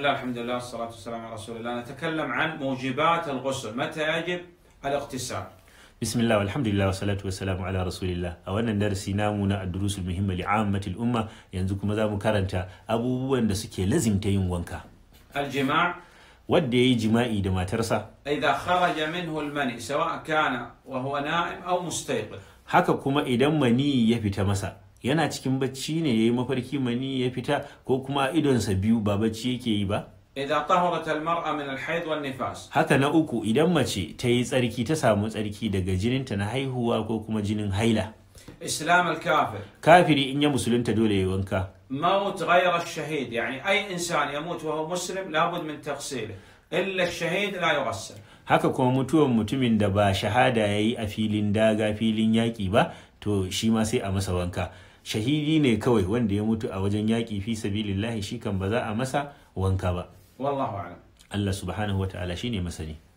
لله الحمد لله والصلاة والسلام على رسول الله نتكلم عن موجبات الغسل متى يجب الاغتسال بسم الله والحمد لله والصلاة والسلام على رسول الله أو أن الدرس نامنا الدروس المهمة لعامة الأمة ينزكم ذا مكارنتا أبو أن دسكي لازم تيم وانكا الجماع ودي جمائي دما ترسى إذا خرج منه المني سواء كان وهو نائم أو مستيقظ هكا كما إذا مني يفي تمسا yana cikin bacci ne ya yi mafarki mani ya fita ko kuma idonsa biyu ba bacci yake yi ba Ida tahurat al-mar'a min al-hayd nifas. Haka na uku idan mace ta yi tsarki ta samu tsarki daga jininta na haihuwa ko kuma jinin haila. Islam al-kafir. Kafiri in ya musulunta dole ya wanka. Maut ghayra ash-shahid yani ay insan yamut wa huwa labud min taghsilihi illa shahid la Haka kuma mutuwan mutumin da ba shahada yayi a filin daga filin yaƙi ba to shi ma sai a masa wanka shahidi ne kawai wanda ya mutu a wajen yaƙi fi sabilillahi shi kan ba za a masa wanka ba wallahu Allah subhanahu wa ta'ala ne masani